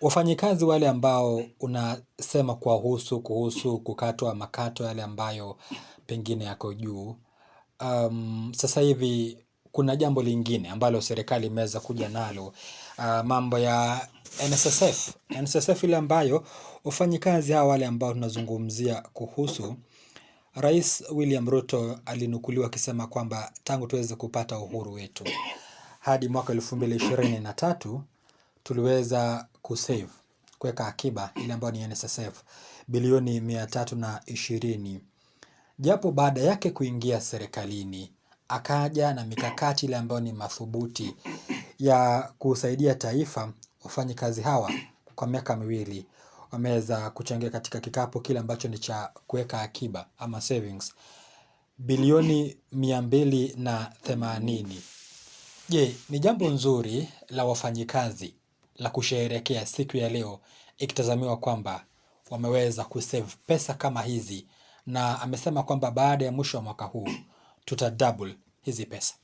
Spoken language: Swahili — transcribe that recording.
Wafanyikazi wale ambao unasema kuwahusu kuhusu kukatwa makato yale ambayo pengine yako juu. Um, sasa hivi kuna jambo lingine ambalo serikali imeweza kuja nalo uh, mambo ya NSSF. NSSF ile ambayo wafanyikazi hawa wale ambao tunazungumzia kuhusu Rais William Ruto alinukuliwa akisema kwamba tangu tuweze kupata uhuru wetu hadi mwaka elfu mbili ishirini na tatu tuliweza kusave kuweka akiba ile ambayo ni NSSF bilioni mia tatu na ishirini, japo baada yake kuingia serikalini akaja na mikakati ile ambayo ni mathubuti ya kusaidia taifa. wafanyikazi hawa kwa miaka miwili wameweza kuchangia katika kikapu kile ambacho ni cha kuweka akiba ama savings bilioni mia mbili na themanini. Je, ni jambo nzuri la wafanyikazi la kusherehekea siku ya leo, ikitazamiwa kwamba wameweza kusave pesa kama hizi, na amesema kwamba baada ya mwisho wa mwaka huu tuta double hizi pesa.